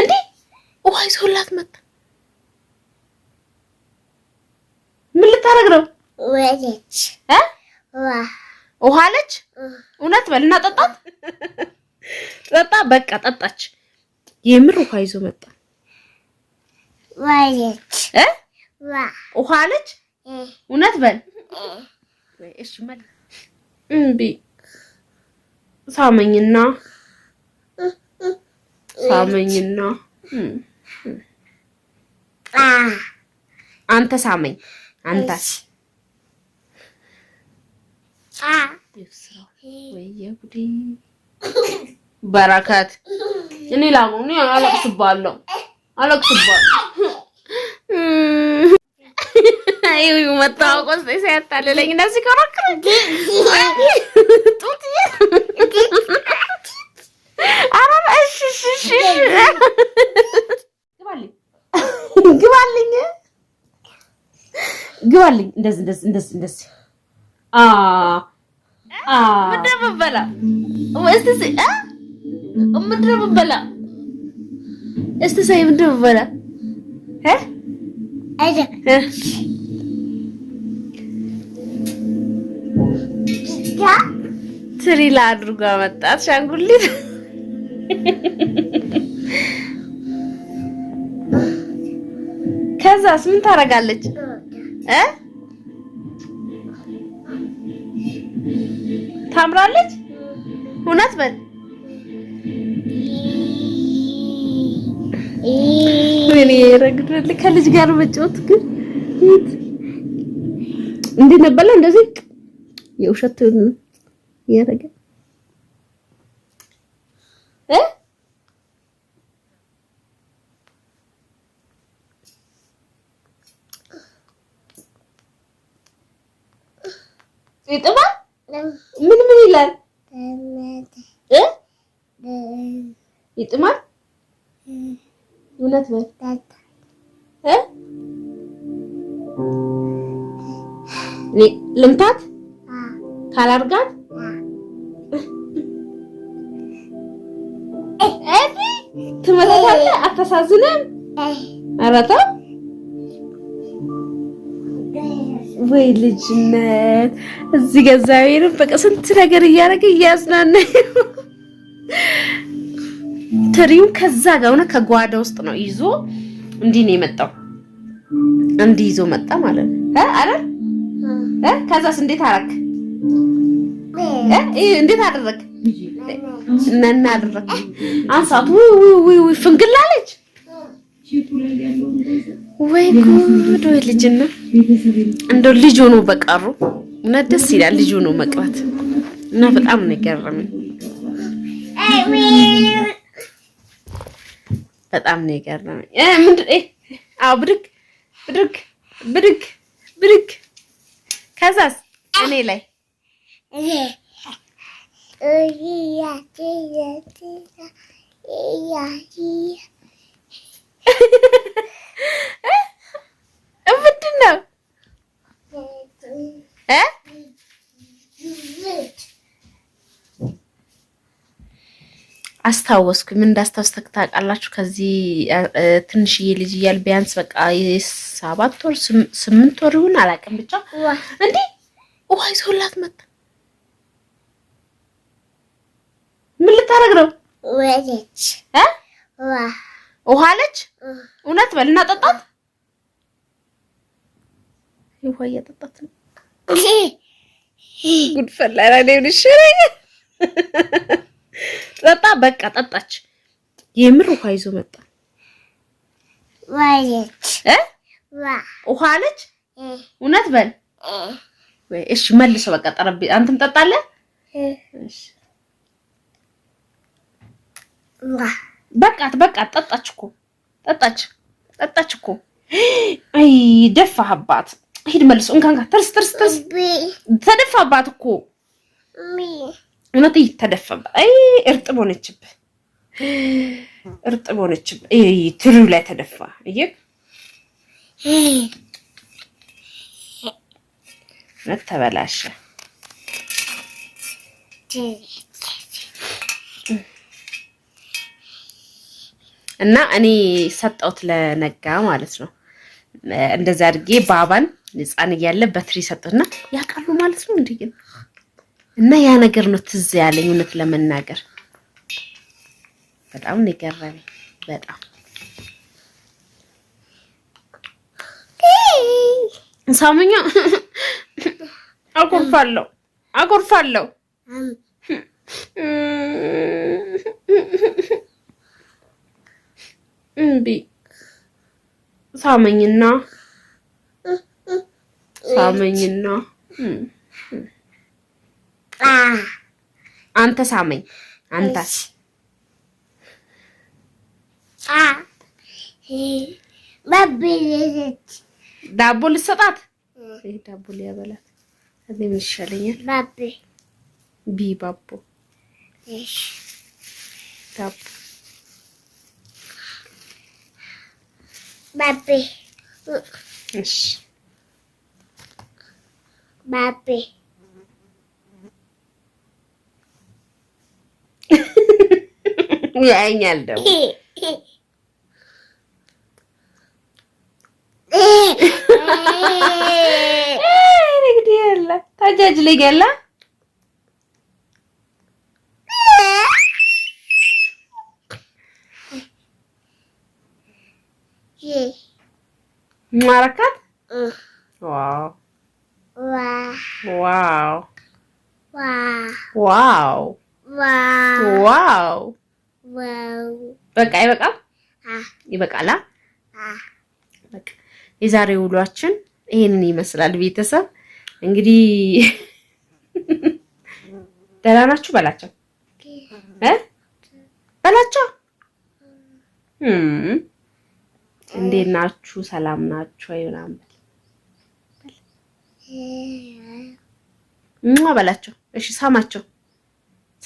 እንዴ ውሃ ይዞላት መጣ። ምን ልታረግ ነው? ወለች እ ውሃ አለች። እውነት በልና ጠጣት፣ ጠጣ። በቃ ጠጣች። የምር ውሃ ይዞ መጣ። ወለች እ ውሃ አለች። እውነት በል እሺ። ሳመኝና samainnya, hmm. ah, antas sama, antas, ah, iya, barakat, ini lagu, ini alat subal lo, alat subal, hmm. ayu matangus desa tali lagi nasi kerak lagi. ግባልኝ ግባልኝ። እንደዚህ እንደዚህ እንደዚህ እንደዚህ አ አ ምንድን ነው የምትበላ? ምንድን ነው የምትበላ? እስቲ ሰይ ምንድን ነው የምትበላ? ትሪ ላድርጎ መጣት ሻንጉሊት ከዛስ ምን ታደርጋለች እ ታምራለች እውነት በል ወይኔ ረግድ ከልጅ ጋር መጫወት ግን እንዴት ነበለ? እንደዚህ የውሸት ያረገ ይጥማል። ምን ምን ይላል? ይጥማል። እውነት በል ልምታት ካላርጋት ትመታታለህ። አታሳዝንም? ኧረ ተው ወይ ልጅነት። እዚህ እግዚአብሔርን በቃ ስንት ነገር እያደረገ እያዝናናኝ ትሪው ከዛ ጋር ሆነ ከጓዳ ውስጥ ነው ይዞ እንዲህ ነው የመጣው። እንዲህ ይዞ መጣ ማለት ነው አረ ከዛስ እንዴት አደረክ? እንዴት አደረክ? እና እናደረግ አንሳት ውይ ውይ ውይ ውይ ፍንግላለች። ወይ ጉድ! ወይ ልጅና እንደው ልጅ ሆኖ በቀሩ እና ደስ ይላል ልጅ ሆኖ መቅረት እና በጣም ነው የገረመኝ። በጣም ነው የገረመኝ። አዎ ብድግ ብድግ ብድግ ብድግ ከዛስ እኔ ላይ እህ ምንድነው አስታወስኩ። ምን እንዳስታወስኩ ታውቃላችሁ? ከዚህ ትንሽዬ ልጅ እያል ቢያንስ በቃ ሰባት ወር ስምንት ወር ይሁን አላውቅም፣ ብቻ እንዲህ ውሃ ይዞላት መጣ ልታደርግ ነው? ወለች እ ውሃ አለች። እውነት በል እናጠጣት። ውሃ እያጠጣት ነው። ጉድፈላ ጠጣ። በቃ ጠጣች። የምር ውሃ ይዞ መጣ። ውሃ ለች እውነት በል እሺ። መልሶ በቃ ጠረቤ አንተም ጠጣለህ። በቃት በቃት። ጠጣች እኮ ጠጣች ጠጣች እኮ። አይ ደፋህባት። ሂድ መልሶ እንካንካ። ትርስ ትርስ ትርስ። ተደፋባት እኮ እውነት ተደፋባት። አይ እርጥብ ሆነችብህ፣ እርጥብ ሆነችብህ። አይ ትሪው ላይ ተደፋ። አይ ተበላሸ። እና እኔ ሰጠሁት ለነጋ ማለት ነው። እንደዛ አድርጌ ባባን ህፃን እያለ በትሪ እና ያውቃሉ ማለት ነው እንዲ እና ያ ነገር ነው ትዝ ያለኝ እውነት ለመናገር በጣም ነው የገረመኝ በጣም ሳሙኛ አቆርፋለሁ አቆርፋለሁ እምቢ ሳመኝና ሳመኝና አንተ ሳመኝ አንተ ዳቦ ልሰጣት ይሄ ዳቦ ሊያበላት እዚህ ምን ይሻለኛል? ባቤ ቢ ባቦ ዳቦ Babe. Ish. Babe. ya I'm dong, Hey, hey. Hey, hey. Hey, hey. Hey, hey. ማረካት ዋው ዋው በቃ ይበቃል፣ ይበቃላ። የዛሬ ውሏችን ይሄንን ይመስላል። ቤተሰብ እንግዲህ ደህና ናችሁ በላቸው እ እንዴት ናችሁ? ሰላም ናችሁ? አይናም ምን በላቸው። እሺ ሳማቸው፣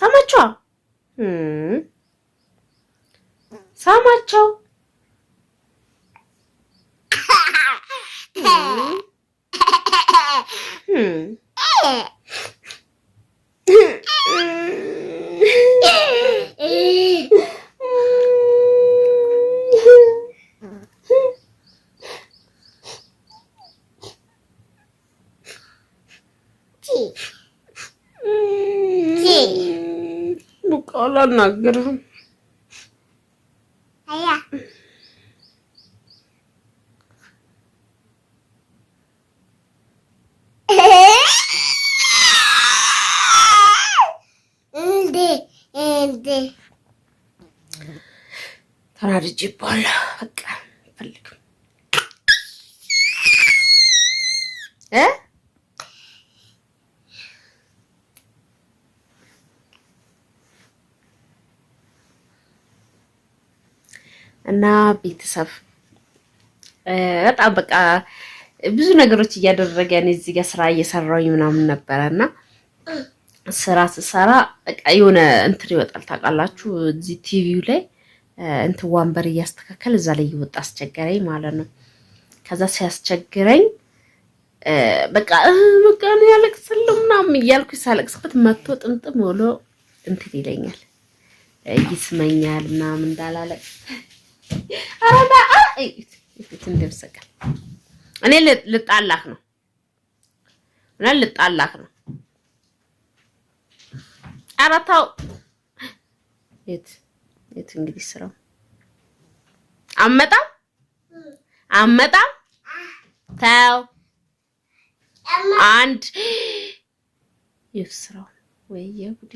ሳማቸው፣ ሳማቸው። አላናግርህም። ተናድጄ ይባላል በቃ እና ቤተሰብ በጣም በቃ ብዙ ነገሮች እያደረገ እኔ እዚህ ጋር ስራ እየሰራሁኝ ምናምን ነበረ እና ስራ ስሰራ በቃ የሆነ እንትን ይወጣል ታውቃላችሁ፣ እዚህ ቲቪው ላይ እንትን ወንበር እያስተካከል እዛ ላይ እየወጣ አስቸገረኝ ማለት ነው። ከዛ ሲያስቸግረኝ በቃ በቃ ነው ያለቅስልም ምናምን እያልኩ ሳለቅስበት መቶ ጥምጥም ብሎ እንትን ይለኛል፣ ይስመኛል ምናምን እንዳላለቅ እንደምሰቀል እኔ ልጣላህ ነው እና ልጣላህ ነው። ኧረ ተው የት የት እንግዲህ ስራው አመጣም አመጣም ተው አንድ የት ስራው ወይ የጉዴ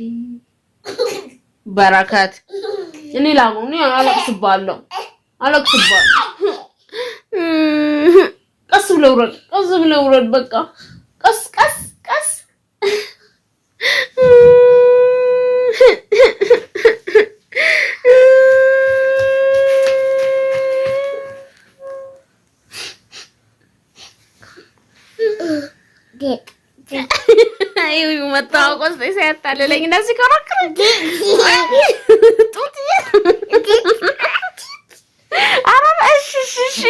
በረከት እኔ ላቁም። እኔ አለቅስባለሁ አለቅስባለሁ። ቀስ ብለህ ውረድ፣ ቀስ ብለህ ውረድ። በቃ ቀስ ቀስ ቀስ። መታወቆስ ሲያታልለኝ እንደዚህ ከረክረ ጡት አረ እሺ እሺ እሺ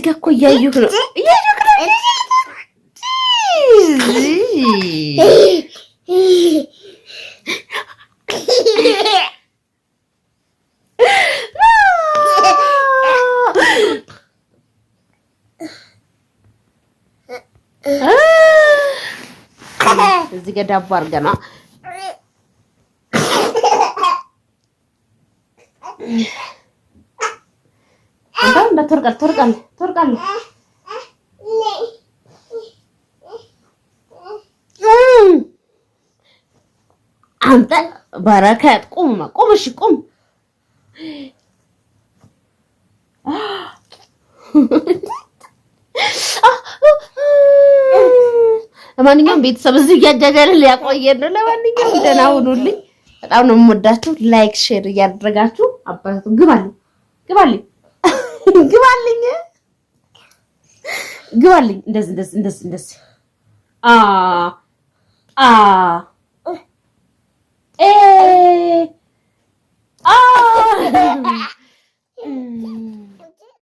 እዚህ ጋር እኮ እያዩህ ነው እያዩህ ነው። እዚህ ጋር ዳቦ አድርገና ትወርቃለህ ትወርቃለህ ትወርቃለህ። አንተ በረከት ቁም ቁም፣ እሺ ቁም። ለማንኛውም ቤተሰብ እዚህ እያጃጃለ ሊያቆየን ነው። ለማንኛውም ደህና ሁኑልኝ። በጣም ነው የምወዳችሁ። ላይክ ሼር እያደረጋችሁ አባቱ ግባልኝ ግባልኝ Güvenliğe. Güvenlik. Desin desin desin desin. Aa. Aa. Eee. Aa. Hmm.